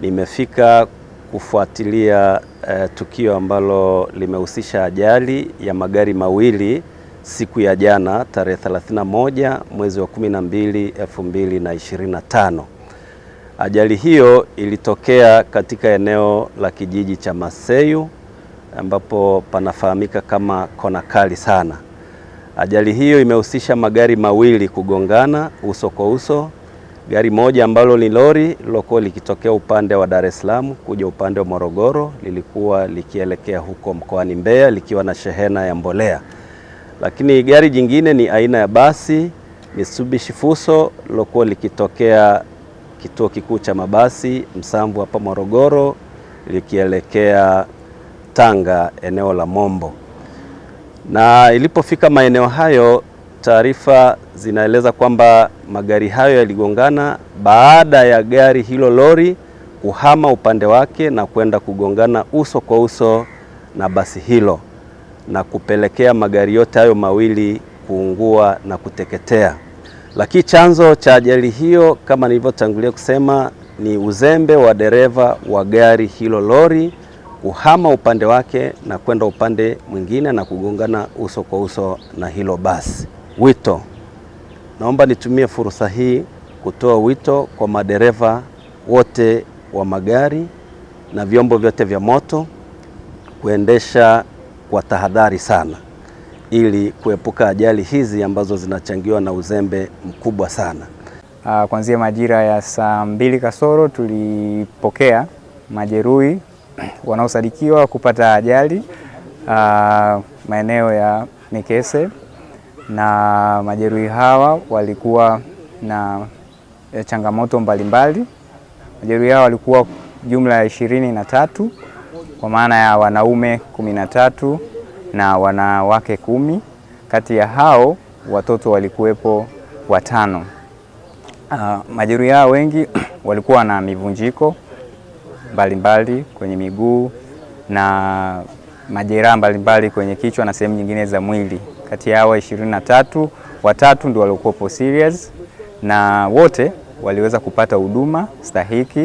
Nimefika kufuatilia eh, tukio ambalo limehusisha ajali ya magari mawili siku ya jana tarehe 31 mwezi wa 12 2025. Ajali hiyo ilitokea katika eneo la kijiji cha Maseyu ambapo panafahamika kama kona kali sana. Ajali hiyo imehusisha magari mawili kugongana uso kwa uso Gari moja ambalo ni lori lilokuwa likitokea upande wa Dar es Salaam kuja upande wa Morogoro lilikuwa likielekea huko mkoani Mbeya likiwa na shehena ya mbolea, lakini gari jingine ni aina ya basi Mitsubishi Fuso lilokuwa likitokea kituo kikuu cha mabasi Msamvu hapa Morogoro likielekea Tanga eneo la Mombo, na ilipofika maeneo hayo taarifa zinaeleza kwamba magari hayo yaligongana baada ya gari hilo lori kuhama upande wake na kwenda kugongana uso kwa uso na basi hilo na kupelekea magari yote hayo mawili kuungua na kuteketea. Lakini chanzo cha ajali hiyo kama nilivyotangulia kusema ni uzembe wa dereva wa gari hilo lori kuhama upande wake na kwenda upande mwingine na kugongana uso kwa uso na hilo basi. Wito. Naomba nitumie fursa hii kutoa wito kwa madereva wote wa magari na vyombo vyote vya moto kuendesha kwa tahadhari sana ili kuepuka ajali hizi ambazo zinachangiwa na uzembe mkubwa sana. Ah, kuanzia majira ya saa mbili kasoro tulipokea majeruhi wanaosadikiwa kupata ajali ah, maeneo ya Mikese na majeruhi hawa walikuwa na eh, changamoto mbalimbali. Majeruhi hawa walikuwa jumla ya ishirini na tatu kwa maana ya wanaume kumi na tatu na wanawake kumi. Kati ya hao watoto walikuwepo watano. Uh, majeruhi hao wengi walikuwa na mivunjiko mbalimbali kwenye miguu na majeraha mbalimbali kwenye kichwa na sehemu nyingine za mwili. Kati ya hawa ishirini na tatu, watatu ndio waliokuwa serious na wote waliweza kupata huduma stahiki.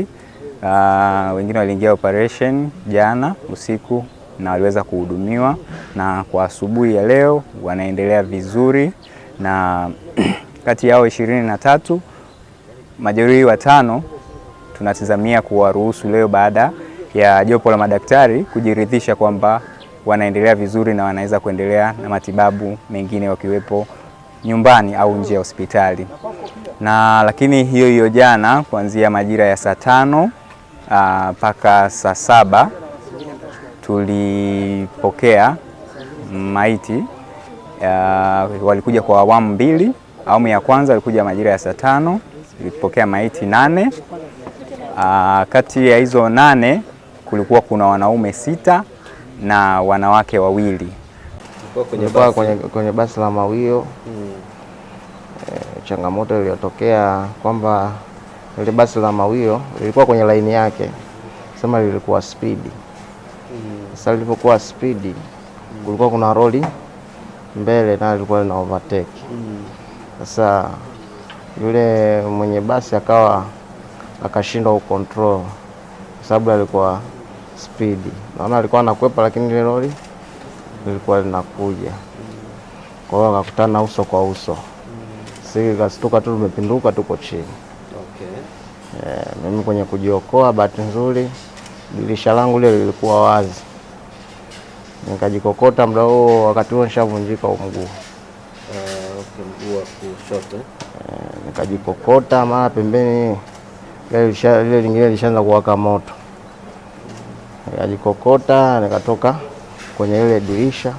Uh, wengine waliingia operation jana usiku na waliweza kuhudumiwa, na kwa asubuhi ya leo wanaendelea vizuri, na kati yao ishirini na tatu majeruhi watano tunatizamia kuwaruhusu leo baada ya jopo la madaktari kujiridhisha kwamba wanaendelea vizuri na wanaweza kuendelea na matibabu mengine wakiwepo nyumbani au nje ya hospitali. Na lakini hiyo hiyo jana kuanzia majira ya saa tano ah, mpaka saa saba tulipokea maiti a, ah, walikuja kwa awamu mbili. Awamu ya kwanza walikuja majira ya saa tano tulipokea maiti nane. A, ah, kati ya hizo nane kulikuwa kuna wanaume sita na wanawake wawili. Nilikuwa kwenye, kwenye basi la Mawio hmm. E, changamoto iliyotokea kwamba ile basi la Mawio lilikuwa kwenye laini yake, sema lilikuwa spidi hmm. sasa Lilipokuwa spidi hmm. kulikuwa kuna roli mbele na lilikuwa lina overtake hmm. sasa hmm yule mwenye basi akawa akashindwa ukontrol kwa sababu alikuwa spidi, naona alikuwa anakwepa, lakini ile lori lilikuwa linakuja, kwa hiyo akakutana uso kwa uso, si kastuka tu, tumepinduka tuko chini. Okay. Yeah, mimi kwenye kujiokoa, bahati nzuri dirisha langu lile lilikuwa wazi, nikajikokota muda huo, wakati huo nishavunjika mguu. Uh, okay, mguu wa kushoto yeah, nikajikokota, mara pembeni lile lingine lishaanza kuwaka moto yajikokota nikatoka kwenye ile dirisha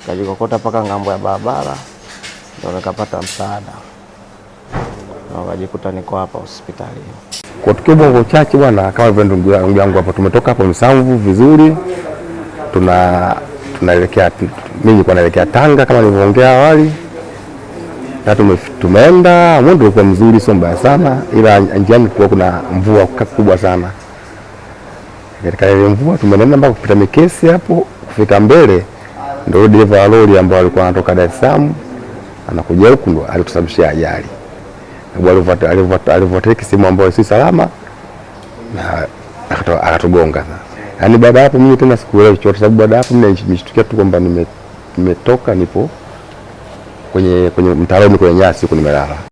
nikajikokota mpaka ngambo ya barabara, ndio nikapata msaada na nikajikuta niko hapa hospitalini. Kwa tukio bongo chache bwana, kama vile ndugu yangu hapo, tumetoka hapo Msamvu vizuri, tuna tunaelekea mimi kwa naelekea Tanga kama nilivyoongea awali, na tumeenda mwendo ulikuwa mzuri, sio mbaya sana, ila njiani kulikuwa kuna mvua kubwa sana katika ile mvua tumenenda mpaka kupita Mikesi hapo kufika mbele, ndio dereva wa lori ambao alikuwa anatoka Dar es Salaam anakuja huku ndo alitusababishia ajali, alivyoteleki simu ambayo si salama na akatugonga sana. Yaani baada hapo mimi tena sikuelewa chochote, sababu baada hapo mimi nilishtukia tu kwamba nimetoka nipo kwenye kwenye mtaroni kwenye nyasi huko nimelala.